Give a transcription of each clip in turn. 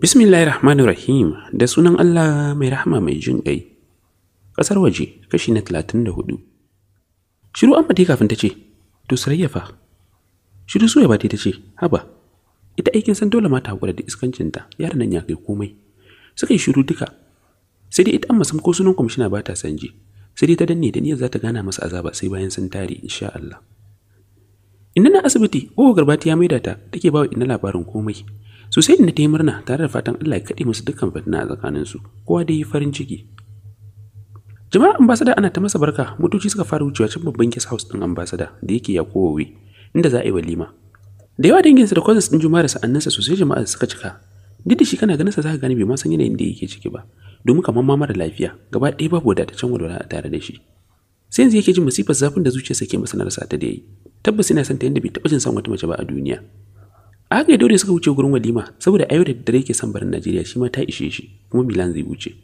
Bismillahir Rahmanir Rahim da sunan Allah mai rahama mai jin ƙai. Ƙasar waje kashi na talatin da hudu. Shiru an fate kafin ta ce, To sarayyafa. Shiru ya bata ta ce, Haba, ita aikin san dole mata haƙura da iskancinta yaran nan ya kai komai. Suka yi shiru duka. Sai dai ita amma sam ko sunan kwamishina ba ta san ji. sai dai ta danne da niyyar za ta gana masa azaba sai bayan sun tare insha Allah inna na asibiti ogo garbati ya maida ta take bawa inna labarin komai sosai inna ta yi murna tare da fatan Allah ya kade musu dukkan fitina a tsakanin su kowa dai farin ciki jama'a ambasada ana ta masa barka motoci suka fara wucewa cikin babban guest house din ambasada da yake ya kowe inda za a yi walima da yawa danginsa da cousins din juma'a da sa'annansa sosai jama'a suka cika duk da shi kana ganin sa zaka gane bai ma san yanayin da yake ciki ba domin kamar ma mara lafiya gaba ɗaya babu wadataccen walwala a tare da shi sai yanzu yake jin masifar zafin da zuciyarsa ke masa na rasa ta da yi tabbas yana son ta yadda bai taɓa jin san wata mace ba a duniya a haka ya daure suka wuce gurin walima saboda a yau da dare yake son barin najeriya shi ma ta ishe shi kuma milan zai wuce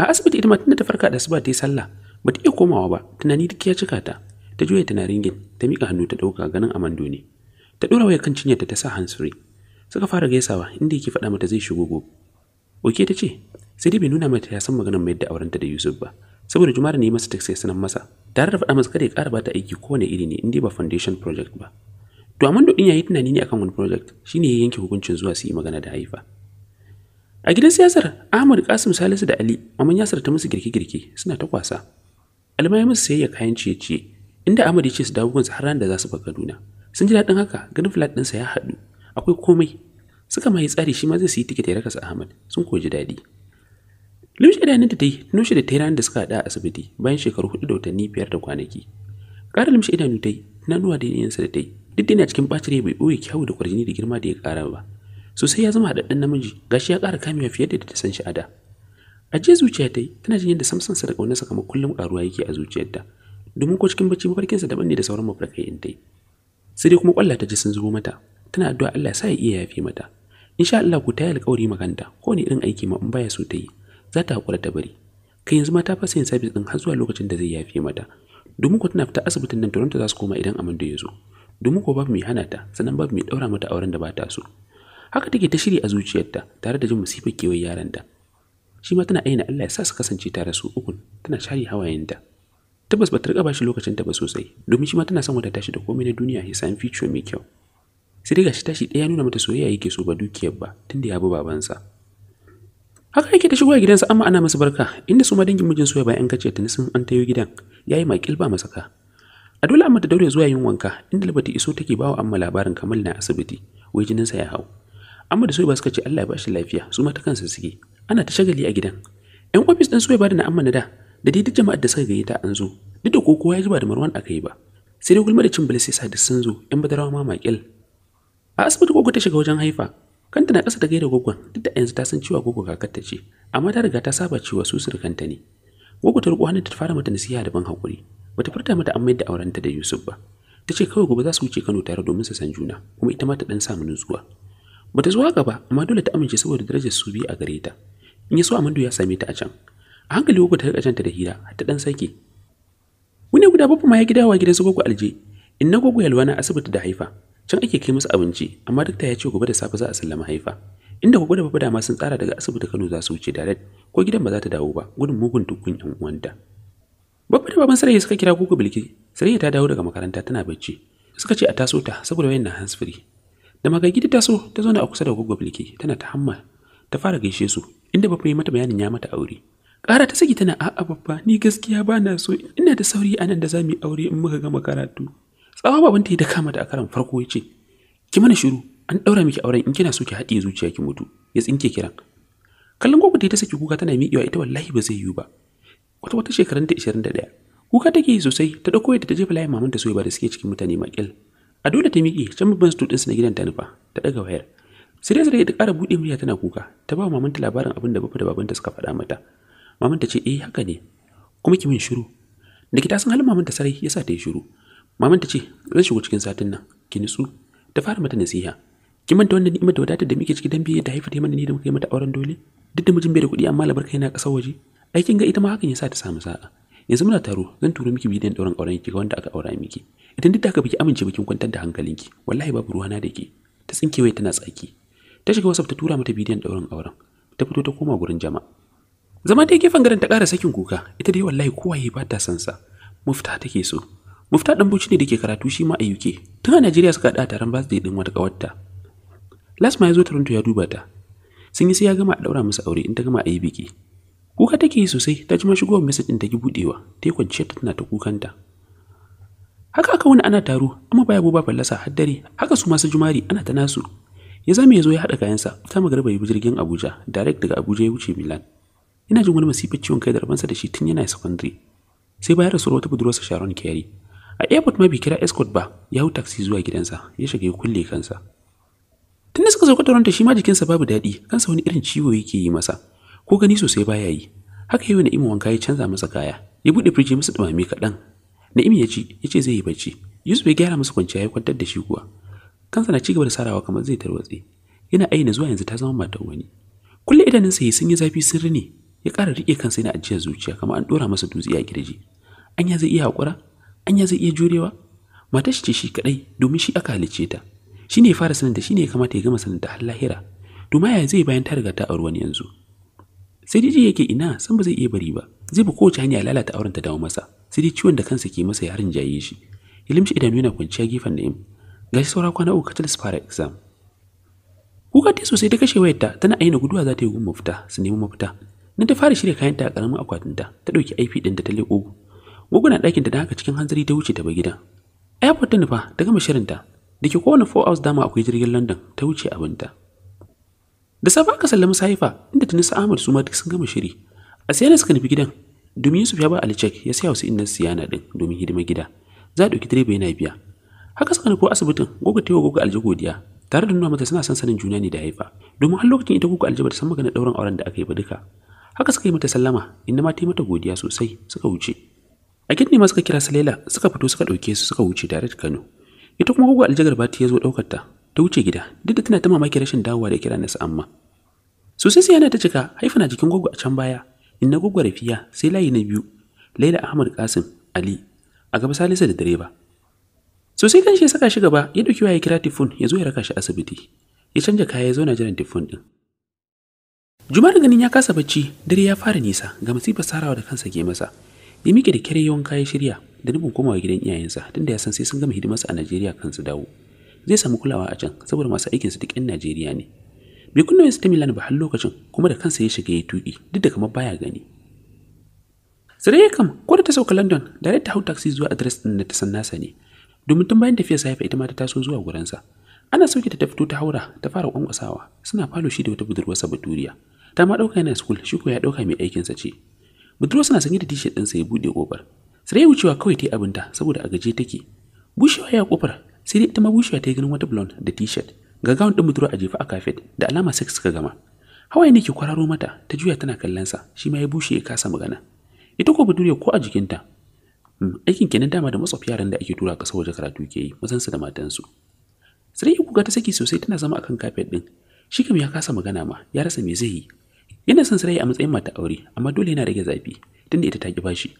a asibiti ita ma tunda ta farka da ba ta yi sallah ba ta iya komawa ba tunani duk ya cika ta ta juya tana ringin ta miƙa hannu ta ɗauka ganin amando ne ta ɗora waya kan cinyarta ta sa hansuri suka fara gaisawa inda yake faɗa mata zai shigo gobe Oke ta ce, sai dai bai nuna mata ya san maganar mai da aurenta da Yusuf ba, saboda Jumara ne masa sai sanan masa, tare da faɗa masa kada ya ƙara bata aiki kowane iri ne in dai ba foundation project ba. To amma din yayi tunani ne akan wani project, shine ya yanke hukuncin zuwa su yi magana da Haifa. A gidan siyasar, Ahmad Kasim Salisu da Ali, maman Yasir ta musu girke-girke suna ta kwasa. Alma ya musu sayayya kayan ciye-ciye, inda Ahmad ya ce su dawo gunsa har ran da za su bar Kaduna. Sun ji daɗin haka, ganin flat ɗinsa ya haɗu, akwai komai suka mai tsari shi ma zai siyi yi tiketi raka su Ahmad sun koji daɗi. Lushe da ta yi noshe da tayi ranar da suka haɗa a asibiti bayan shekaru hudu da watanni biyar da kwanaki. Ƙara lumshe idanu ta yi na nuwa da yanayinsa da ta yi duk da cikin ɓacin bai ɓoye kyau da kwarjini da girma da ya kara ba. Sosai ya zama haɗaɗɗen namiji gashi ya ƙara kamewa fiye da ta san shi a A jiya zuciya ta yi tana jin yadda samson sa da ƙaunarsa kamar kullum ƙaruwa yake a zuciyarta domin ko cikin bacci mafarkinsa daban ne da sauran mafarkai in ta yi. Sai dai kuma ƙwallata ji sun zubo mata tana addu'a Allah ya sa ya iya yafe mata insha Allah ku tayi alƙawari maganta ko ne irin aiki ma in baya so ta yi za ta hakura ta bari kai yanzu ma ta fasa yin sabis din har zuwa lokacin da zai yafe mata domin ku tana fita asibitin nan Toronto za su koma idan amin da ya zo domin ko babu mai hana ta sannan babu mai daura mata auren da ba ta so haka take ta shiri a zuciyarta tare da jin musibar yaran yaranta shi ma tana aina Allah ya sa su kasance tare su ukun tana share hawayenta tabbas ba ta riƙa ba shi lokacin ta ba sosai domin shi ma tana son wata tashi da komai na duniya ya sami mai kyau sai dai gashi tashi ɗaya nuna mata soyayya yake so ba dukiyar ba tunda ya bi babansa haka yake ta shigo a gidansa amma ana masa barka inda su ma dangin mijin soyayya bayan kace tuni sun an tayo gidan yayi makil ba masaka a dole amma ta daure zuwa yin wanka inda labati iso take bawa amma labarin kamal na asibiti wai jininsa ya hau amma da soyayya suka ce Allah ya bashi lafiya su ma ta kansa suke ana ta shagali a gidan yan ofis ɗin soyayya da na amma na da da dai duk jama'ar da suka gayyata an zo duk da ko kowa ya ji ba da marwan aka yi ba sai dai gulma da cin bilis sai sa sun zo yan badarawa ma makil a asibiti gogo ta shiga wajen haifa kanta na ƙasa ta gaida gogon duk da yanzu ta san cewa gogo ta ce amma ta riga ta saba cewa su surkanta ne gogo ta riƙo hannun ta fara mata nasiha da ban hakuri bata furta mata an mayar da aurenta da Yusuf ba ta ce kawai gobe za su wuce Kano tare domin su san juna kuma ita ma ta dan samu nutsuwa bata zuwa gaba amma dole ta amince saboda darajar su biyu a gare ta in ya so Amadu ya same ta a can a hankali gogo ta riƙa janta da hira ta dan sake wani guda babu ma ya gidawa gidan su gogo alje in na gogo yalwana asibiti da haifa can ake kai musu abinci amma duk ta ya ce gobe da safe za a sallama haifa inda gobe da baba dama sun tsara daga asibiti Kano za su wuce direct ko gidan ba za ta dawo ba gudun mugun tukun yan uwanta babba da baban sarayya suka kira gugu bilki sarayya ta dawo daga makaranta tana bacci suka ce a taso ta saboda wayan na free da maga ta taso ta zauna a kusa da gogo bilki tana ta hamma ta fara gaishe su inda babba ya mata bayanin ya mata aure Kara ta saki tana a'a babba ni gaskiya ba na so ina da sauri anan da zamu yi aure in muka gama karatu tsawa baban ta yi da kama da a karan farko ya ce ki mana shiru an ɗaura miki auren in kina so ki haɗiye zuciya ki mutu ya tsinke kiran kallon gogo ta yi saki kuka tana miƙewa ita wallahi ba zai yiwu ba wata wata shekarun ta da ɗaya. kuka take yi sosai ta ɗauko yadda ta jefa layin mamanta so ba da suke cikin mutane makil a dole ta miƙe can babban su na gidan ta nufa ta ɗaga wayar sai dai ta ƙara buɗe murya tana kuka ta ba wa mamanta labarin abin da bafa da babanta suka faɗa mata ta ce eh haka ne kuma ki min shiru da ki ta san halin mamanta sarai yasa ta yi shiru maman ta ce zan shigo cikin satin nan ki nutsu ta fara mata nasiha ki manta wannan ni'imar da wadatar da muke cikin dan biye da haifar ta mana ni da muka mata auren dole duk da mijin bai da kuɗi amma labarka yana ƙasar waje aikin ga ita ma hakan ya sa ta samu sa'a yanzu muna taro zan turo miki bidiyon ɗaurin auren ki ga wanda aka aura miki idan duk da haka biki amince bikin kwantar da hankalinki wallahi babu ruwa na da ke ta tsinke wai tana tsaki ta shiga wasaf ta tura mata bidiyon ɗaurin auren ta fito ta koma gurin jama. zama ta yi gefen garin ta ƙara sakin kuka ita dai wallahi kowaye ba ta san sa mafita take so mufta dan buci ne ke karatu shi ma a UK tun a Najeriya suka da taron birthday din wata kawarta Lasma ya zo Toronto ya duba ta sun yi sai ya gama a daura musu aure in ta gama a yi biki kuka take yi sosai ta ji ma shigowar message din ta ki buɗewa. ta yi ta tana ta kukanta haka aka wani ana taro amma baya bo ba fallasa har dare haka su masu jumari ana ta nasu ya zame ya zo ya haɗa kayansa ta magarba ya bi jirgin abuja direct daga abuja ya wuce milan ina jin wani masifar ciwon kai da rabansa da shi tun yana secondary sai bayar da wata budurwarsa sharon Carey, a airport ma bai kira escort ba ya hau taxi zuwa gidansa ya shiga ya kulle kansa tunda suka sauka Toronto shi ma jikinsa babu daɗi kansa wani irin ciwo yake yi masa ko gani sosai baya yi haka yau Na'imu wanka ya canza masa kaya ya buɗe firji masa dumame kaɗan Na'imu ya ci ya ce zai yi bacci Yusuf ya gyara masa kwanciya ya kwantar da shi kuwa kansa na cigaba da sarawa kamar zai tarwatse yana aina zuwa yanzu ta zama matar wani kulle idanunsa ya sun yi zafi sun ne ya ƙara riƙe kansa yana ajiyar zuciya kamar an ɗora masa dutse a kirji anya zai iya haƙura anya zai iya jurewa mata shi ce shi kadai domin shi aka halice ta shi ne fara sananta shi ne ya kamata ya gama sananta har lahira to ma zai bayan ta riga ta a wani yanzu sai jiji yake ina san ba zai iya bari ba zai bi kowace hanya lalata auren ta dawo masa sai dai ciwon da kansa ke masa ya harin jaye shi ilimshi idan yana kwanciya gefen na'im gashi saura kwana uku kacal su fara exam kuka ta sosai ta kashe wayarta tana aina guduwa za ta yi gun mafita su nemi mafita na ta fara shirya kayanta a karamin akwatinta ta ɗauki ip ɗinta ta leƙo Guguna ɗakin ta da haka cikin hanzari ta wuce ta gidan. Airport ta nufa ta gama shirinta da ke kowane 4 hours dama akwai jirgin London ta wuce abinta. Da safe aka sallama Saifa inda Tunisa Ahmad su ma duk sun gama shiri. A da suka nufi gidan domin Yusuf ya ba Ali cek ya siya wasu innan siyana din domin hidima gida. Za a ɗauki direba yana biya. Haka suka nufi asibitin yi tewa goga alji godiya tare da nuna mata suna son sanin juna ne da haifa domin har lokacin ita kuka aljaba ta san magana dauran auren da aka yi ba duka haka suka yi mata sallama inda ma ta yi mata godiya sosai suka wuce a ne ma suka kira laila suka fito suka ɗauke su suka wuce tare da Kano. Ita kuma gugu aljagar ba ta zo ɗaukar ta, ta wuce gida, duk da tana ta mamaki rashin dawowa da kira na amma. Sosai sai yana ta cika haifa na jikin gugu a can baya, in na gugu rafiya sai layi na biyu, Laila Ahmad Kasim Ali a gaba Salisa da direba. Sosai kan shi ya saka shi gaba ya ɗauki ya kira Tifun ya zo ya raka shi asibiti. Ya canja kaya ya zo na jiran Tifun ɗin. juma'ar ganin ya kasa bacci, dare ya fara nisa ga masifar sarawa da kansa ke masa. ya muke da kyar yawan kayan shirya da nufin komawa gidan iyayensa tunda ya san sai sun gama hidimarsa a Najeriya kan su dawo. Zai samu kulawa a can saboda masu su duk 'yan Najeriya ne. bai kunna wayansa ta Milan ba har lokacin kuma da kansa ya shiga ya tuki duk da kamar baya gani. Sare ya kam ko da ta sauka London da ta hau taxi zuwa adres din da ta san nasa ne domin tun bayan tafiyar sahifa haifa ita ma ta taso zuwa gurinsa. Ana sauke ta fito ta haura ta fara kwankwasawa suna falo shi da wata budurwarsa baturiya. Ta ma ɗauka yana school shi ko ya ɗauka mai aikinsa ce budurwa na sanye da t-shirt ɗinsa ya buɗe ƙofar. Sai ya wucewa kawai ta yi abinta saboda a gaje take. Bushewa ya kofar sai dai ita ma bushewa ta yi ganin wata blonde da t-shirt. Ga gawon din budurwa a jefa a kafet da alama sex suka gama. Hawaye ne ke kwararo mata ta juya tana kallon sa shi ma ya bushe ya kasa magana. Ita ko budurwa ko a jikinta. Hmm, aikin kenan dama da matsof yaran da ake tura ƙasa waje karatu ke yi su da matan su. Sai ya kuka ta saki sosai tana zama akan kafet ɗin. Shi kam ya kasa magana ma ya rasa me zai yi yana son sarai a matsayin mata aure amma dole yana rage zafi tunda ita ta ki bashi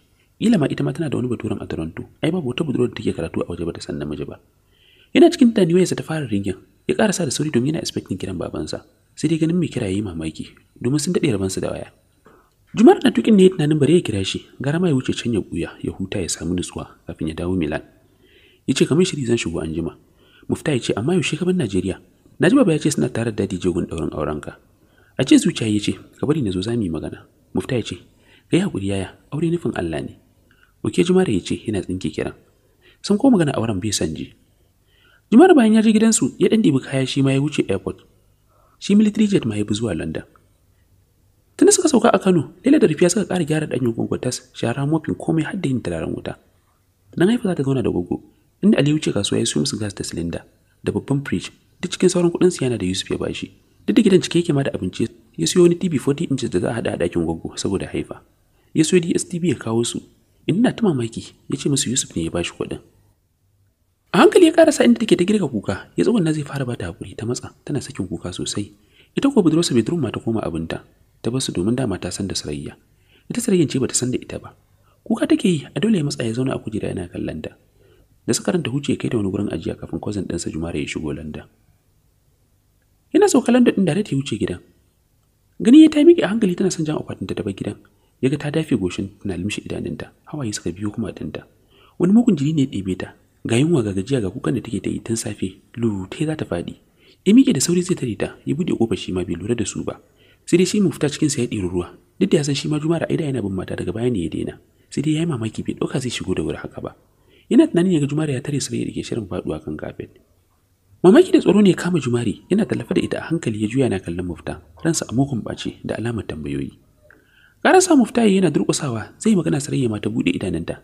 kila ma ita ma tana da wani baturen a Toronto ai babu wata budurwar da take karatu a waje ba ta san namiji ba yana cikin tunani ta fara ringin ya karasa da sauri domin yana expecting kiran babansa sai dai ganin mai kira yayi mamaki domin sun dade rabansa da waya Jumar na tukin ne tunanin bare ya kira shi gara ma ya wuce can ya buya ya huta ya samu nutsuwa kafin ya dawo Milan yace kamar shiri zan shigo anjima mufta yace amma yaushe ka ban Najeriya Najiba ba ya ce suna tare da dadi jegun daurin aurenka a ce zuciya ya ce ka bari na zo za mu yi magana mufta ya ce 'Ga ya hakuri yaya aure nufin Allah ne Oke Jumare ya ce yana tsinke kiran sun ko magana a wurin bai san ji bayan ya je gidansu ya dan dibi kaya shi ma ya wuce airport shi military jet ma ya bi zuwa London tunda suka sauka a Kano Laila da Rufiya suka kara gyara ɗanyen gwagwatas shara mofin komai har da yin turaren wuta na haifa za ta zauna da gogo inda Aliyu ce kasuwa ya siyo musu gas da silinda da babban fridge duk cikin sauran kuɗin Siyana yana da Yusuf ya bashi duk da gidan cike yake ma da abinci ya siyo wani tv 40 inches da za a hada a dakin gwaggo saboda haifa ya siyo dstv ya kawo su ina ta mamaki ya ce musu yusuf ne ya bashi kuɗin a hankali ya karasa inda take ta girka kuka ya tsawon na zai fara ba ta hakuri ta matsa tana sakin kuka sosai ita ko budurwarsa bai durma ta koma abinta ta basu domin dama ta san da sarayya ita sarayyan ce bata san da ita ba kuka take yi a dole ya matsa ya zauna a kujera yana kallon da suka ranta huce kai da wani gurin ajiya kafin cousin ɗinsa Jumare ya shigo London. tana sauka London ɗin da ta wuce gidan. Gani ya ta miƙe a hankali tana son jan akwatinta ta bar gidan. Ya ga ta dafe goshin tana limshi idanunta, hawaye suka biyo kuma dinta Wani mugun jini ne ya ɗebe ta, ga yunwa ga gajiya ga kukan da take ta yi tun safe, lute za ta faɗi. Ya miƙe da sauri zai tare ta, ya buɗe ƙofar shi ma bai lura da su ba. Sai dai shi mu fita cikin sa ya ɗiri ruwa, duk da ya san shi ma Juma'a Aida yana bin mata daga baya ne ya daina. Sai dai ya yi mamaki bai ɗauka zai shigo da wuri haka ba. Yana tunanin ya ga Juma'a ya tare su da shirin faɗuwa kan kafet. Mamaki da tsoro ne kama Jumari yana tallafa da ita a hankali ya juya na kallon mufta ransa a mugun bace da alamar tambayoyi. Karasa mufta yana durƙusawa zai magana sarayya mata ta buɗe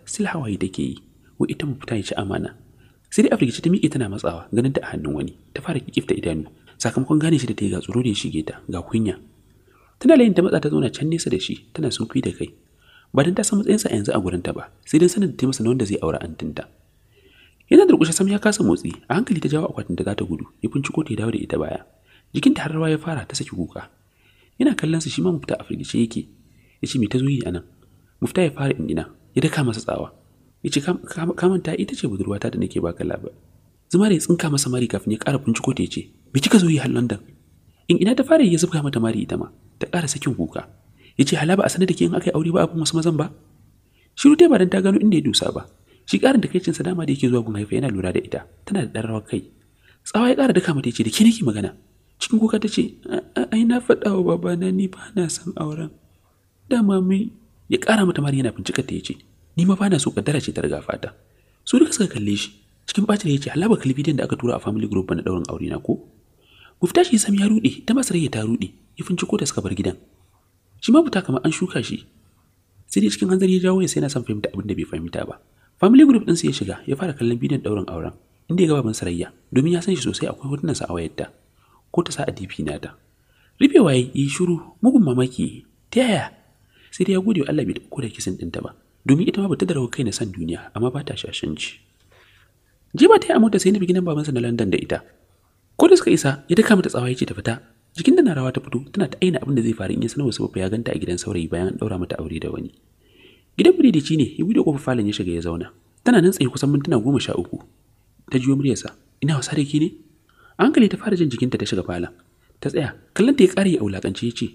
sil hawaye take yi wa ita mufta ya ci amana. Sai dai Afirka ta miƙe tana matsawa ganin ta a hannun wani ta fara kikifta idanu sakamakon gane shi da ta yi ga tsoro da ya shige ta ga kunya. Tana layin ta matsa ta zauna can nesa da shi tana sunkuyi da kai ba don ta san matsayinsa yanzu a gurinta ba sai don sanin da ta masa na wanda zai aure antinta yana durƙushe sam ya kasa motsi a hankali ta jawo akwatin da za ta gudu ya binciko ta ya dawo da ita baya jikinta har rawa ya fara ta saki kuka yana kallon su shi ma mufta a firgice yake ya ce me ta zo yi anan mufta ya fara indina ya daka masa tsawa ya ce kamanta ita ce budurwa budurwata da nake baka labar zuma da ya tsinka masa mari kafin ya ƙara binciko ta ya ce me kika zo yi har london in ina ta fara ya zubga mata mari ita ma ta kara sakin kuka ya ce halaba a sanar da ke in aka aure ba abin wasu mazan ba shiru ta ba dan ta gano inda ya dusa ba shi ƙarin da kai cinsa dama da yake zuwa gun haifa yana lura da ita tana da ɗan rawar kai tsawa ya ƙara duka mata ce da ke nake magana cikin kuka ta ce ai na faɗa wa babana ni ba na son auren dama mai ya ƙara mata mari yana bincikar ta ya ce ni ma ba na so kaddara ce ta riga fata su duka suka kalle shi cikin bacin ya ce halaba kalli bidiyon da aka tura a family group na ɗaurin aure na ko mufta shi sam ya ruɗe ta masarar ta ruɗe ya finciko da suka bar gidan shi ma buta kamar an shuka shi sai dai cikin hanzari ya jawo ya sai na san fahimta abin da bai fahimta ba family group ɗinsu ya shiga ya fara kallon bidiyon ɗaurin auren inda ya ga baban sarayya domin ya san shi sosai akwai hotunansa a wayarta ko ta sa a dp nata rufewa ya yi shiru mugun mamaki ta yaya sai dai ya gode wa Allah bai ko da kisan ɗinta ba domin ita ma bata da rawar kai na san duniya amma ba ta ci jima ta yi a mota sai nufi nan babansa na london da ita ko da suka isa ya daka mata tsawa ya ce ta fita jikin da na rawa ta fito tana ta aina abin da zai faru in ya sanar wasu ya ganta a gidan saurayi bayan an ɗaura mata aure da wani gidan biredi ci ne ya buɗe kofar falon ya shiga ya zauna tana nan tsaye kusan mintuna goma sha uku ta jiyo muryarsa ina wasa da ki ne a hankali ta fara jan jikinta ta shiga falon ta tsaya kallon ta ya ƙara a aulakance ya ce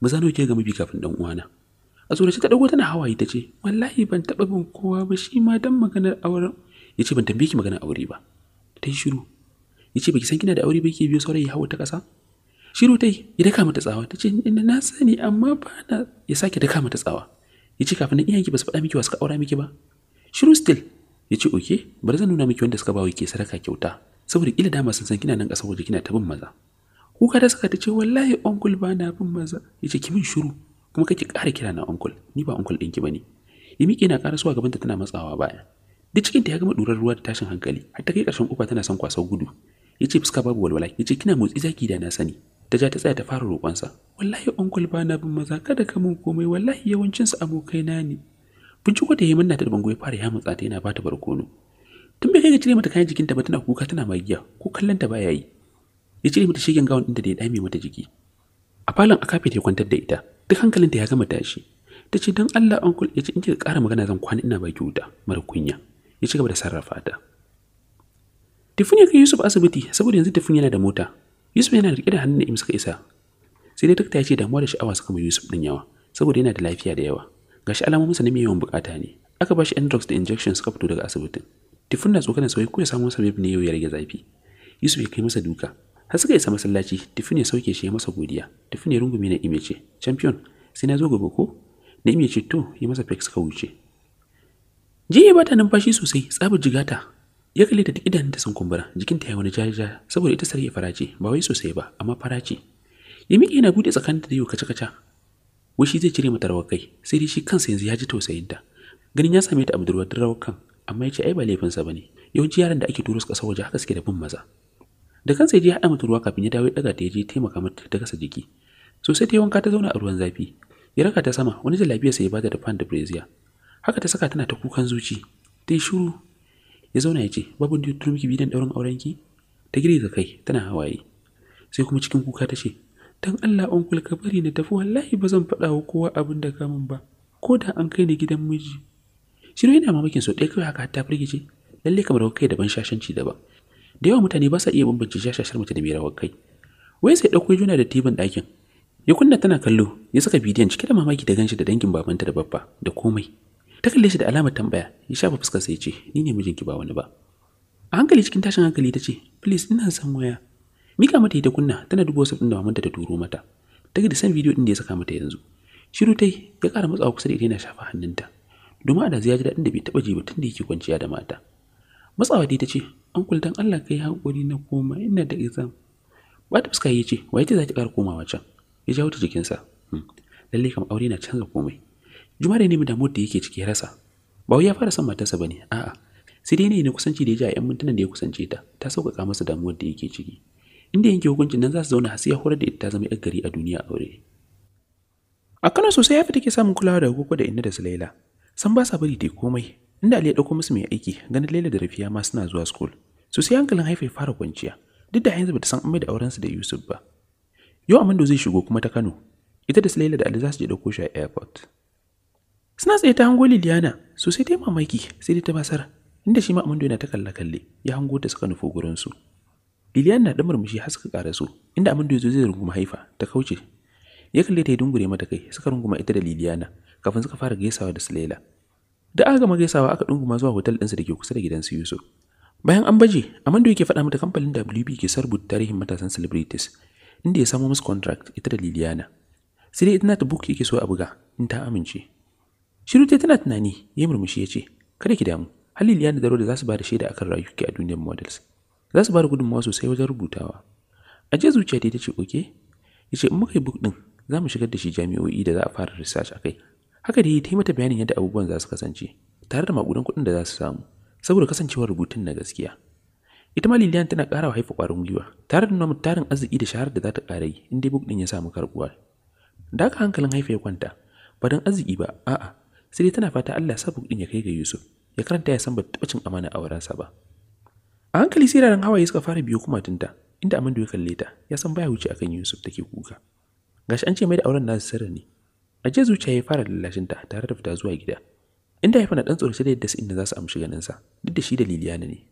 mu zano ke ga mabi kafin dan uwana a tsorace ta dago tana hawaye ta ce wallahi ban taba bin kowa ba shi ma dan maganar auren ya ce ban tambaye ki maganar aure ba ta yi shiru ya ce baki san kina da aure ba ki biyo saurayi ya hawa ta kasa shiru ta yi. ya daka mata tsawa ta ce na sani amma ba na ya sake daka mata tsawa ya ce kafin iya iyayenki ba su faɗa miki wa suka aura miki ba shiru still ya ce oke bari zan nuna miki wanda suka bawa ke sadaka kyauta saboda kila dama sun san kina nan ƙasa waje kina ta bin maza kuka da suka ta ce wallahi onkul ba na bin maza ya ce ki min shiru kuma kake ƙara kira na onkul ni ba onkul ɗinki ba ne ya miƙe na ƙara suwa gabanta tana matsawa baya duk cikinta ya gama ɗurar ruwa da tashin hankali har ta kai ƙarshen ƙofa tana son kwasar gudu ya ce fuska babu walwala ya ce kina motsi zaki da na sani ta ja ta tsaya ta fara roƙonsa wallahi onkul ba na bin maza kada ka mun komai wallahi yawancin su abokai na ne binciko da yayin nata da bango ya fara ya mutsa ta yana bata barkono tun bai kai ga cire mata kayan jikinta ba tana kuka tana magiya ko kallon ta baya yi ya cire mata shigen gawon ɗinta da ya dame mata jiki a falon a kafe ta kwantar da ita duk hankalinta ya gama tashi ta ce don Allah onkul ya ce in kika ƙara magana zan kwana ina baki wuta mara kunya ya ci gaba da sarrafa ta Tifin ya kai Yusuf asibiti saboda yanzu Tifin yana da mota Yusuf yana rike da hannun Na'im suka isa. Sai dai dakta ya ce damuwa da sha'awa suka mai Yusuf din yawa saboda yana da lafiya da yawa. Gashi alamominsa na mai yawan bukata ne. Aka ba shi da injection suka fito daga asibitin. Tifin na tsokanin sauyi ko ya samu masa ne yau ya rage zafi. Yusuf ya kai masa duka. Har suka isa masallaci, Tifin ya sauke shi ya masa godiya. Tifin ya rungume na Ime ce, "Champion, sai na zo gobe ko?" Na Ime ce, "To, yi masa fake suka wuce." Jiya ba ta numfashi sosai, tsabar jigata, ya kalle ta idan idanun ta san kumbura jikinta ya wani jaja saboda ita sarki farace ba wai sosai ba amma farace ya miƙe yana buɗe tsakaninta da yau kaca-kaca wishi zai cire mata rawar kai sai dai shi kansa yanzu ya ji tausayin ta ganin ya same ta a budurwar rawar kan amma ya ce ai ba laifinsa ba ne yawanci yaran da ake turo su ƙasa waje haka suke da bin maza da kansa ya je haɗa mata ruwa kafin ya dawo ya ɗaga ta ya je taimaka mata ta gasa jiki sosai ta yi wanka ta zauna a ruwan zafi ya raka ta sama wani jalabiyarsa ya bada da fan da breziya haka ta saka tana ta kukan zuci ta yi shiru ya zauna ya ce babu da ya turo miki bidan ɗaurin ki ta ga kai tana hawaye sai kuma cikin kuka ta ce dan Allah onkul ka bari na tafi wallahi ba zan fada wa kowa abin da kamun ba ko da an kai ni gidan miji shiro yana mamakin so ɗaya kawai haka ta firgice lalle kamar kai daban shashanci daban da yawa mutane ba sa iya bambance shashashar mace da mai rawar kai wai sai ɗauko juna da tibin ɗakin ya kunna tana kallo ya saka bidiyon cike da mamaki da ganshi da dangin babanta da babba da komai ta kalle shi da alamar tambaya ya shafa fuskar sai ce ni ne mijinki ba wani ba a hankali cikin tashin hankali ta ce please ina san waya mika mata ita kunna tana dubo wasu din da mamanta ta turo mata ta ga san bidiyo din da ya saka mata yanzu shiru tai ya kara matsawa kusa da ita yana shafa hannunta domin da ya ji daɗin da bai taɓa ji ba tun da yake kwanciya da mata matsawa dai ta ce an dan Allah kai hankuri na koma ina da exam ba ta fuska ya ce waye ce za ki ƙara komawa can ya jawo ta jikinsa hmm, lallai kam aure na canza komai Juma da mu da yake ciki rasa. Ba ya fara son matarsa bane, a'a. Sai dai ne na kusanci da ya ji a 'yan da ya kusance ta, ta sauƙaƙa masa damuwar da yake ciki. Inda yanke hukuncin nan za su zauna har ya horar da ita ta zama 'yar gari a duniya aure. A Kano sosai fi take samun kulawa daga Gogo da Inna da Sulaila. San ba sa bari da komai. Inda Ali ya dauko musu mai aiki, ganin Laila da Rafiya ma suna zuwa school. Sosai hankalin haifa ya fara kwanciya. Duk da yanzu bata san an da auren su da Yusuf ba. Yau Amando zai shigo kuma ta Kano. Ita da Sulaila da Ali za su je dauko shi a airport. Suna tsaye ta hango Liliana sosai ta yi mamaki sai dai ta basara inda shi ma amindo yana ta kalle-kalle ya hango ta suka nufo gurinsu. Liliana na ɗan murmushi har suka so inda amindo ya zo zai runguma haifa ta kauce ya kalle ta yi dungure mata kai suka runguma ita da Liliana kafin suka fara gaisawa da Sulela. Da aka gama gaisawa aka dunguma zuwa hotel ɗinsu da ke kusa da gidansu Yusuf. Bayan an baje, amindo yake faɗa mata kamfanin WB ke sarbut tarihin matasan celebrities inda ya samo musu contract ita da Liliana. Sai dai ita na ta buk yake so a buga in ta amince. Shiru ta tana tunani ya murmushi ya ce, Kada ki damu, Halil ya da za su ba da shaida akan rayuki a duniyar models. Za su ba da gudunmawa sosai wajen rubutawa. A je zuciya ta ce, Oke, ya ce, in muka yi book ɗin, za mu shigar da shi jami'o'i da za a fara research a kai. Haka da yi ta yi mata bayanin yadda abubuwan za su kasance, tare da maƙudan kuɗin da za su samu, saboda kasancewar rubutun na gaskiya. ita ma liliyan tana ƙara haifa ƙwarin gwiwa tare da namun tarin arziki da shahar da za ta ƙara yi in dai book ya samu karɓuwa da haka hankalin haifa ya kwanta ba don arziki ba a'a sai dai tana fata Allah sabu ɗin ya kai ga Yusuf ya karanta ya san ba tabbacin amana a wurinsa ba a hankali sai ran hawaye suka fara biyo kuma kumatunta inda Amadu ya kalle ta ya san baya wuce akan Yusuf take kuka gashi an ce mai da auren nasu sirri ne a je zuciya ya fara lallashinta tare da fita zuwa gida inda ya fana dan tsorace da yadda su inda za su amshi sa duk da shi da Liliana ne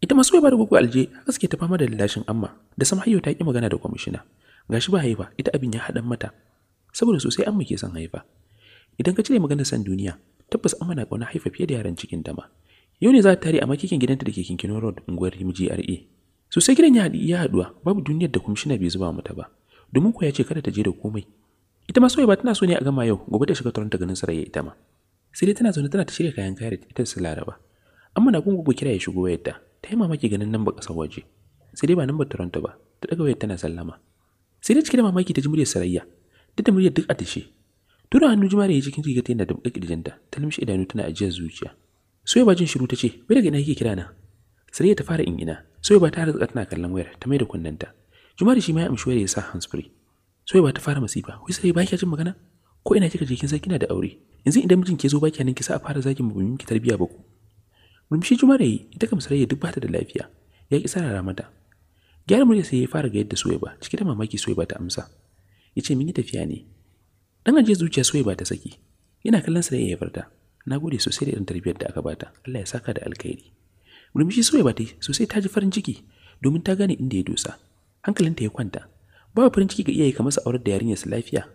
ita ma soyayya da gugu alje haka suke ta fama da lallashin amma da sama hayo ta ki magana da kwamishina gashi ba haifa ita abin ya haɗan mata saboda sosai amma ke son haifa idan ka cire maganar san duniya tabbas amma na kauna haifa fiye da yaran cikin dama yau ne za ta tare a makikin gidanta da ke kinkino road unguwar rim gra sosai gidan ya haɗu ya haɗuwa babu duniyar da kwamishina bai zuba mata ba domin ko ya ce kada ta je da komai ita ma soyayya ba tana so ne a gama yau gobe ta shiga taron ta ganin sarayya ita ma sai dai tana zaune tana ta shirya kayan kare ita su laraba amma na gungu kira ya shigo wayarta ta yi mamaki ganin nan ba ƙasar waje sai dai ba nan ba taronta ba ta daga wayar tana sallama sai dai cike da mamaki ta ji muryar sarayya duk da muryar duk a tashe tura hannu jima da ya cikin rigar yana da kirjinta ta limshi idanu tana ajiyar zuciya ba jin shiru ta ce bai daga ina kike kira na sai ta fara ingina ba ta harzuka tana kallon wayar ta mai da kunnanta jima da shi ma ya amshi wayar ya sa handsfree ba ta fara masifa wai sai ba kya jin magana ko ina kika jikin kin na da aure yanzu idan mijin ke zo baki nan ki a fara zagin mu ki tarbiya ba ku murmushi jima da yi ita kam sarayya duk bata da lafiya ya ki sarara mata gyara murya sai ya fara ga yadda ba cike da mamaki ba ta amsa ya ce mun yi tafiya ne Dan ajiye zuciya soyayya ba ta saki. Yana kallon sa da ya farta. Na gode sosai da irin tarbiyyar da aka bata. Allah ya saka da alkhairi. Murmushi soyi ba ta yi sosai ta ji farin ciki domin ta gane inda ya dosa. Hankalinta ya kwanta. Babu farin ciki ga iyaye kamar su aurar da yarinyar su lafiya.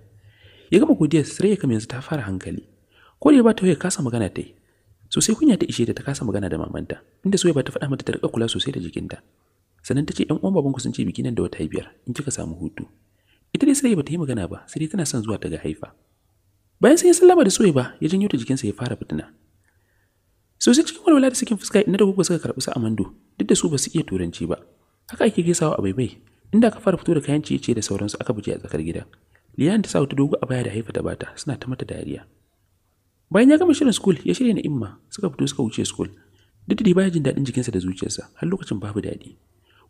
Ya gama godiyar sarai kamar yanzu ta fara hankali. Ko da ba ta ya kasa magana ta yi. Sosai kunya ta ishe ta ta kasa magana da mamanta. Inda soyayya ba ta faɗa mata ta rika kula sosai da jikinta. sannan ta ce ‘yan uwan babanku sun ce biki nan da wata biyar in kika samu hutu ita dai sai bata yi magana ba sai tana son zuwa ta ga haifa bayan sai ya sallama da soyayya ya janyo ta jikinsa ya fara fitina sosai cikin walwala da sakin fuska inda da gugu suka karɓi su amando duk da su ba su iya turanci ba haka ake gaisawa a baibai inda aka fara fito da kayan ciye-ciye da sauransu aka buje a tsakar gida liyan ta sa wata dogo a baya da haifa ta bata suna ta mata dariya bayan ya gama shirin school ya shirya na imma suka fito suka wuce school duk da baya jin daɗin jikinsa da zuciyarsa har lokacin babu daɗi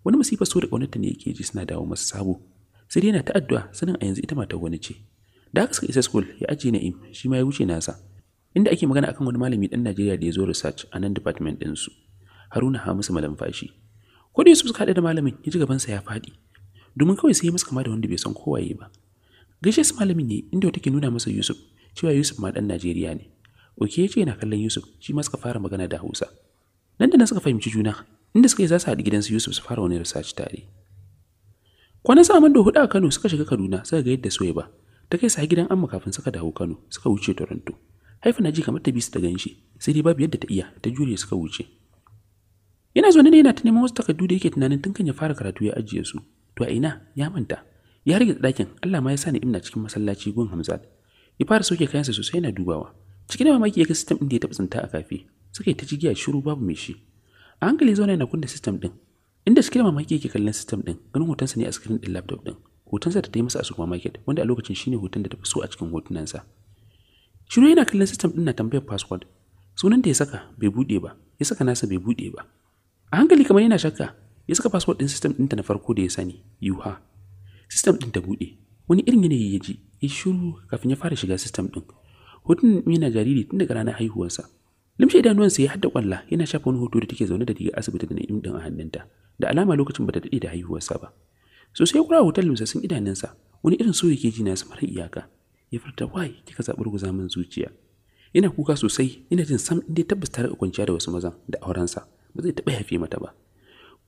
wani masifa so da ƙaunarta ne yake ji suna dawo masa sabo sai yana ta addu'a sanin a yanzu ita ta wani ce da aka suka isa school ya ajiye Na'im shi ma ya wuce nasa inda ake magana akan wani malami dan Najeriya da ya zo research a nan department din su Haruna Hamisu fashi ko da Yusuf suka haɗu da malamin ya ji gabansa ya faɗi domin kawai sai ya musu kama da wanda bai san kowaye ba gaishe su malamin ne inda take nuna masa Yusuf cewa Yusuf ma dan Najeriya ne Oke yace yana kallon Yusuf shi ma suka fara magana da Hausa nan da nan suka fahimci juna inda suka yi za su haɗu gidansu Yusuf su fara wani research tare Kwanan sa da hudu a Kano suka shiga Kaduna suka ga yadda soya ba. Ta kai sa gidan amma kafin suka dawo Kano suka wuce Toronto. Haifa na ji kamar ta bi su ta ganshi sai dai babu yadda ta iya ta jure suka wuce. Yana zaune ne yana ta neman wasu takardu da yake tunanin tun kan ya fara karatu ya ajiye su. To a ina ya manta. Ya rage ɗakin Allah ma ya sani ina cikin masallaci gun Hamzat. Ya fara soke kayansa sosai yana dubawa. Cikin mamaki ya ga system ɗin da ya taɓa a kafi Suka yi ta jigiya shiru babu mai shi. A hankali zaune yana kunna system ɗin inda suke mamaki yake kallon system din ganin hotonsa ne a screen din laptop din hotonsa da ta yi masa a supermarket wanda a lokacin shine hoton da ta so a cikin hotunansa shiru yana kallon system din na tambayar password sunan da ya saka bai bude ba ya saka nasa bai bude ba a hankali kamar yana shakka ya saka password din system ta na farko da ya sani yuha system din ta bude wani irin yanayi ya ji ya shiru kafin ya fara shiga system din hoton yana jariri tun daga ranar haihuwarsa limshe idanuwansa ya hadda kwalla yana shafa wani hoto da take zaune da riga asibiti da na'im din a hannunta da alama lokacin bata dade da haihuwarsa ba sosai ya kura hotel sun idanunsa wani irin so yake ji su mara iyaka ya furta wai kika zaɓar ruguza min zuciya Ina kuka sosai ina jin sam inda tabbata ta kwanciya da wasu mazan da aurensa ba zai taɓa yafe mata ba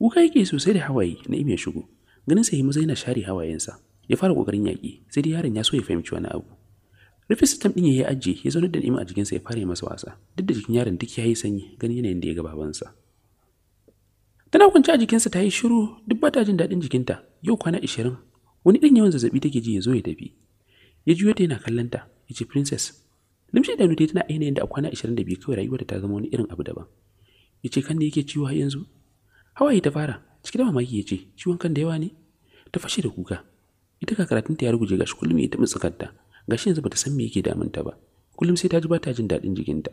kuka yake sosai da hawaye na ya shigo ganin sai maza yana share hawayensa ya fara kokarin yaki sai dai yaron ya so ya fahimci wani abu rufe sistem din ya ajiye ya zauna da nima a jikinsa ya fara masa wasa duk da jikin yaron duk yayi sanyi ganin yanayin da ya ga babansa Tana kwance a jikinsa ta yi shiru duk ba jin daɗin jikinta yau kwana ishirin wani ɗan yawan zazzaɓi take ji ya zo ya tafi. Ya juyo ta yana kallon ta ya ce princess. Limshi da nute tana aina yadda a kwana ishirin da biyu kawai rayuwarta ta zama wani irin abu daban. Ya ce kan ne yake ciwo har yanzu? Hawaye ta fara cike da mamaki ya ce ciwon kan da yawa ne? Ta fashe da kuka. Ita ka karatun ta ya ruguje gashi kullum ya taɓa tsakarta gashi yanzu bata san me yake damunta ba. Kullum sai ta ji bata ta jin daɗin jikinta.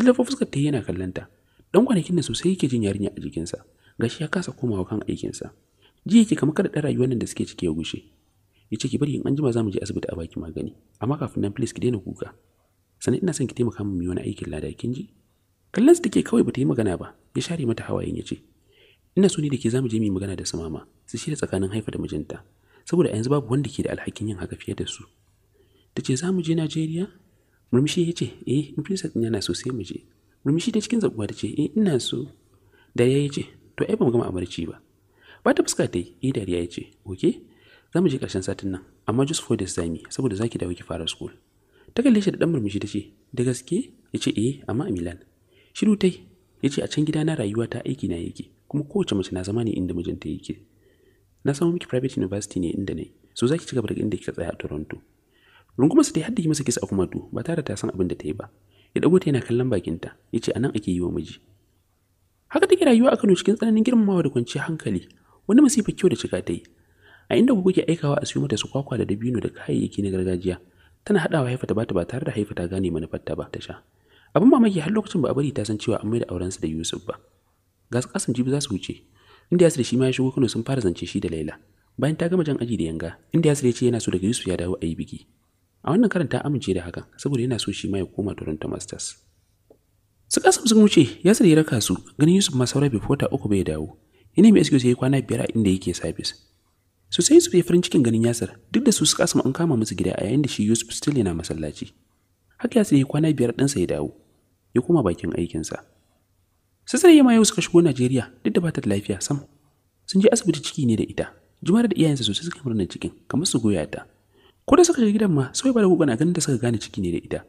lafa fuskar ta yana kallon ta dan kwanakin da sosai yake jin yarinya a jikinsa gashi ya kasa komawa kan aikinsa ji yake kamar kada rayuwar nan da suke ciki ya gushe yace ki bari in anjima zamu je asibiti a baki magani amma kafin nan please ki daina kuka sannan ina son ki taimaka min wani aikin lada kin ji kallansa take kawai bata yi magana ba ya share mata hawayen ya ce ina so ne da ke zamu je mu yi magana da su mama su shirya tsakanin haifa da mijinta saboda yanzu babu wanda ke da alhakin yin haka fiye da su ta ce za mu je najeriya murmushi ya ce eh in princess ɗin yana so sai mu je Murmushi ta cikin zabuwa ta ce, "Eh ina so." Dariya ya ce, "To ai ba mu gama amarci ba." Ba ta fuska ta yi, da dariya ya ce, oke za mu je karshen satin nan, amma just for this time saboda zaki dawo ki fara school." Ta kalle shi da dan murmushi ta ce, "Da gaske?" Ya ce, "Eh, amma a Milan." Shiru tai, ya ce, "A can gida na rayuwa ta aiki na yake, kuma kowace mace na zama ne inda mijinta yake." Na samu miki private university ne inda ne, so zaki ci gaba da inda kika tsaya a Toronto. rungumarsa ta yi yi masa kisa a kumatu ba tare ta san abin da ta yi ba. ya dago ta yana kallon bakinta ya ce anan ake yi wa miji haka take rayuwa a Kano cikin tsananin girmamawa da kwanciyar hankali wani masifa kyau da cika ta yi a inda ke aikawa a siyo mata su kwakwa da dabino da kayayyaki na gargajiya tana haɗawa haifa ta bata ba tare da haifa ta gane manufarta ba ta sha abin mamaki har lokacin ba a bari ta san cewa an mai da aurensa da Yusuf ba ga su kasan jibi za su wuce inda Yasir shi ma ya shigo Kano sun fara zance shi da Laila bayan ta gama jan aji da yanga inda Yasir ya ce yana so daga Yusuf ya dawo a yi biki a wannan karin ta amince da hakan saboda yana so shi ma ya koma Toronto Masters su kasa sun wuce ya tsira raka su ganin Yusuf ma saura bai fota uku bai dawo yana mai excuse yayi kwana biyar a inda yake service su sai su farin cikin ganin Yasir duk da su su kasa an kama musu gida a yayin da shi Yusuf still yana masallaci haka ya yayi kwana biyar dan ya dawo ya koma bakin aikinsa sasar yamma yau suka shigo Najeriya duk da ba da lafiya sam sun je asibiti ciki ne da ita Jumar da iyayensa sosai suka murna cikin kamar su goya ta ko da suka shiga gidan ma sai ba da na ganin da suka gane ciki ne da ita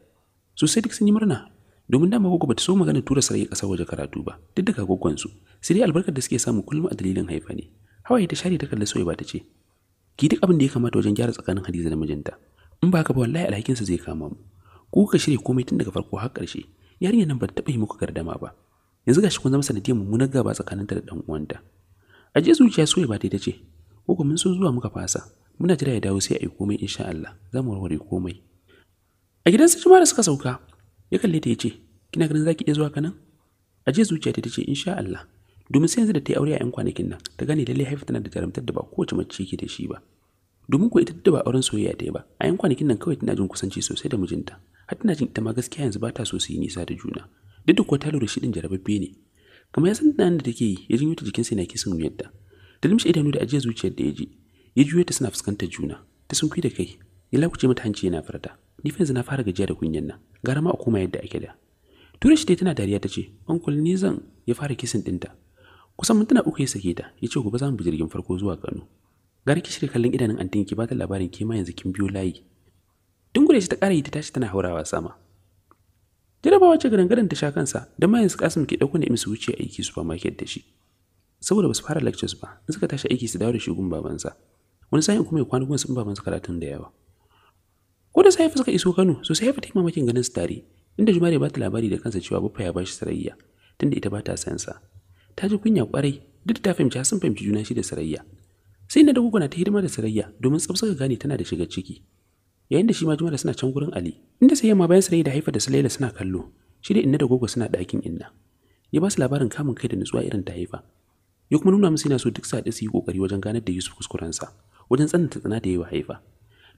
su sai duk sun yi murna domin dama gogo bata so magana tura sarai ƙasa waje karatu ba duk da gogon su sai dai albarkar da suke samu kullum a dalilin haifa ne hawaye ta share ta kalli soyayya ta ce ki duk abin da ya kamata wajen gyara tsakanin Hadiza da mijinta in ba haka ba wallahi alhakin sa zai kama mu ku ka shirye komai tun daga farko har ƙarshe yarinya nan ba ta taɓa yi muku gardama ba yanzu gashi kun zama sanadiyar mummunar gaba tsakaninta da ɗan uwanta a je zuciya soyayya ba ta ce ko mun so zuwa muka fasa muna jira ya dawo sai a yi komai insha Allah za mu warware komai a gidan su da suka sauka ya kalle ta ya ce kina ganin zaki ki iya zuwa kanan a je zuciya ta ce insha Allah domin sai yanzu da ta yi aure a 'yan kwanakin nan ta gane lallai haifa tana da jaramtar da ba kowace mace yake da shi ba domin ko ita da ba auren soyayya ta yi ba a 'yan kwanakin nan kawai tana jin kusanci sosai da mijinta har tana jin ita ma gaskiya yanzu ba ta so su yi nisa da juna duk da kuwa ta lura shi din jarababbe ne kamar ya san tunanin da take yi ya jinyo ta jikinsa yana kisan wuyarta da limshe idanu da ajiyar zuciyar da ya ji ya juye ta suna fuskantar juna ta sun fi da kai ya lakuce mata hanci yana furta ni fa yanzu na fara gajiya da kunyan nan gara ma a koma yadda ake da tura shi tana dariya ta ce onkul ni zan ya fara kisin dinta kusan mintuna uku ya sake ta ya ce gobe za mu bi jirgin farko zuwa Kano gara ki shirya kallon idanun antin ki ba ta labarin ke ma yanzu kin biyo layi dungure shi ta ƙara yi ta tashi tana haurawa sama jarabawa ce garin ta sha kansa don ma yanzu kasim ke dauko ne su wuce aiki supermarket da shi saboda ba su fara lectures ba in suka tashi aiki su dawo da shi babansa wani sa'in kuma ya kwana gun sun babansu karatun da yawa ko da sahifa suka iso kano so sahifa ta yi mamakin ganin su tare inda jumare ba ta labari da kansa cewa Buffa ya bashi sarayya tunda ita ba ta san sa ta ji kunya kwarai duk da ta fahimci sun fahimci juna shi da sarayya sai na dago na ta hidima da sarayya domin tsabsa gane tana da shiga ciki yayin da shi ma jumare suna can gurin ali inda sai yamma bayan sarayya da haifa da sulaila suna kallo shi da inna da gogo suna ɗakin inna ya ba su labarin kamun kai da nutsuwa irin ta haifa ya kuma nuna musu yana so duk sa su yi kokari wajen ganar da Yusuf kuskurensa wajen tsananta tsana da yawa haifa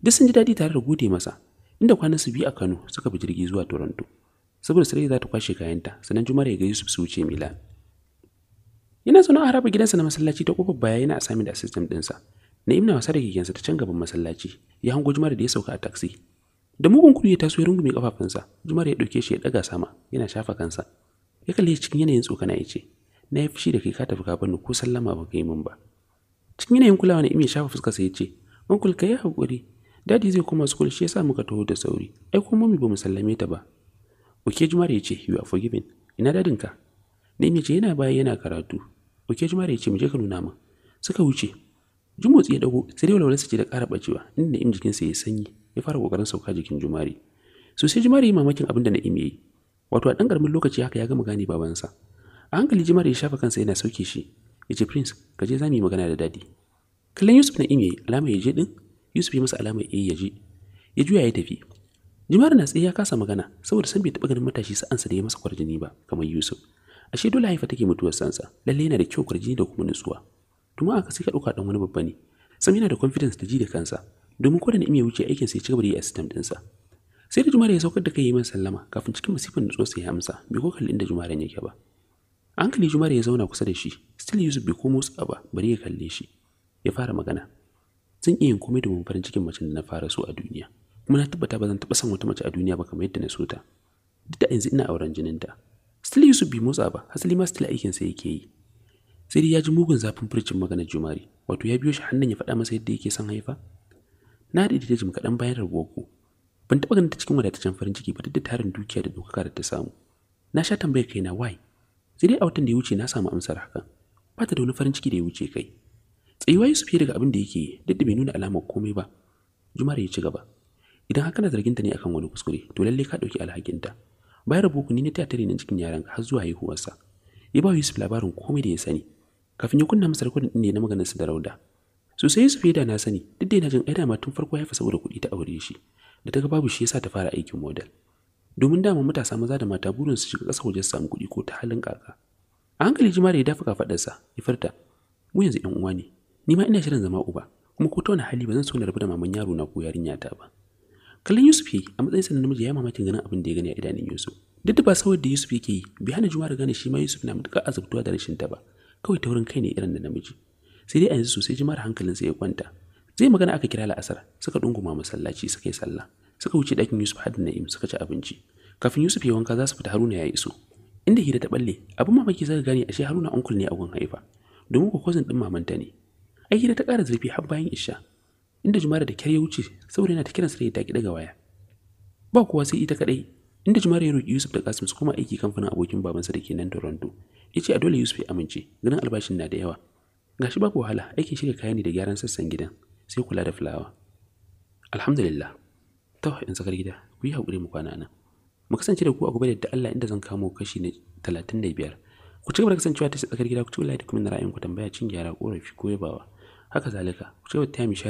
duk sun ji daɗi tare da gode masa inda su biyu a kano suka bi jirgi zuwa toronto saboda sarai za ta kwashe kayanta sannan jumare ga yusuf su wuce milan yana zaune a haraba gidansa na masallaci ta kofar baya yana sami da assistant ɗinsa na'im na wasa da kekensa ta can gaban masallaci ya hango jumare da ya sauka a taxi da mugun kudu ya taso ya rungume kafafunsa jumare ya ɗauke shi ya ɗaga sama yana shafa kansa ya kalle cikin yanayin tsokana ya ce na yi fushi da kai ka tafi ka ko sallama ba ka yi min ba cikin yanayin kulawa na imi shafa fuska sai ya ce uncle ka yi haƙuri dadi zai koma school shi yasa muka taho da sauri ai kuma mummy bamu sallame ta ba oke jumare ya ce you are forgiven ina dadin ka na imi ce yana baya yana karatu oke jumare ya ce mu je ka nuna min suka wuce jumotsi ya dago sai dai ce da ƙara in inda na'im jikinsa ya sanyi ya fara ƙoƙarin sauka jikin jumare so sai jumare ya mamakin abin da na'im ya yi wato a ɗan ƙaramin lokaci haka ya gama gane babansa a hankali jimare ya shafa kansa yana sauke shi ya ce prince ka je za mu yi magana da dadi kallon yusuf na im alama ya je din yusuf ya masa alama ya eh, ya je ya juya ya tafi jimar na tsaye ya kasa magana saboda san bai taɓa ganin matashi ansa da ya masa kwarjini ba kamar yusuf ashe dole haifa take mutuwar sansa lalle yana da kyau kwarjini da kuma nutsuwa tuma aka sai ka ɗauka dan wani babba ne sam yana da confidence da ji da kansa domin kodan da ya wuce aikin sai ya ci gaba da yi assistant ɗinsa sai da jumare ya saukar da kai yi min sallama kafin cikin masifin nutsuwa sai ya amsa bai ko kalli inda jumaren yake ba hankali jumare ya zauna kusa da shi still yusuf bai komo motsa ba bari ya kalle shi ya fara magana zan iya yin komai domin farin cikin macen da na fara so a duniya kuma na tabbata ba zan taɓa son wata mace a duniya ba kamar yadda na so ta duk da yanzu ina auren jinin ta still yusuf bai motsa ba hasali ma still sa yake yi sai dai ya ji mugun zafin furcin maganar jumari wato ya biyo shi hannun ya faɗa masa yadda yake son haifa na da ita jim kaɗan bayan rabuwar ku ban taɓa ganin ta cikin wadataccen farin ciki ba duk da tarin dukiya da ɗaukaka da ta samu na sha tambayar kaina why sai dai a watan da ya wuce na samu amsar hakan bata da wani farin ciki da ya wuce kai tsayuwa Yusuf ya daga abin da yake duk da bai nuna alamar komai ba Jumare ya ci gaba idan haka na zargin ta ne akan wani kuskure to lalle ka dauki alhakinta bayan rabo ku ni na taya tare cikin yaran har zuwa haihuwarsa ya ba Yusuf labarin komai da ya sani kafin ya kunna masa rikodin din na maganar sa da Rauda sosai Yusuf ya da na sani duk da yana jin ai dama tun farko ya fa saboda kuɗi ta aure shi da ta ga babu shi yasa ta fara aikin model domin dama matasa maza da mata burin su shiga kasa wajen samun samu kuɗi ko ta halin kaka a hankali jimare ya dafa kafadarsa ya furta mu yanzu yan uwa ne ni ma ina shirin zama uba kuma ko ta wani hali ba zan so na rabu da maman yaro na ko yarinya ta ba kallon Yusuf yi a matsayin sa na namiji ya mamakin ganin abin da ya gani a idanun Yusuf duk da ba sawar da Yusuf yake yi bai hana da gane shi ma Yusuf na matuƙar azabtuwa da rashin ta ba kawai ta wurin kai ne irin da namiji sai dai a yanzu sosai Jumare hankalinsa ya kwanta zai magana aka kira la'asar suka dunguma masallaci suka yi sallah suka wuce ɗakin Yusuf hadin Na'im suka ci abinci kafin Yusuf ya wanka za su fita Haruna ya iso inda hira ta balle abin mamaki zaka gane ashe haruna uncle ne a gun haifa domin ko cousin din mamanta ne ai hira ta kara zurfi har bayan isha inda jumara da kyar ya wuce saboda yana ta kiransa sai ya taki daga waya ba kowa sai ita kadai inda jumara ya roki yusuf da kasim su koma aiki kamfanin abokin babansa da ke nan toronto yace a dole yusuf ya amince ganin albashin na da yawa gashi babu wahala aikin shirya kayan ne da gyaran sassan gidan sai kula da fulawa alhamdulillah ta in sakar gida ku yi hakuri mu kwana nan mu kasance da ku a gobe da Allah inda zan kamo kashi na 35 ku ci gaba da kasancewa ta tsakar gida ku ci wallahi da kuma ra'ayin ku tambaya cin gyara korafi ko yabawa haka zalika ku ci gaba da taya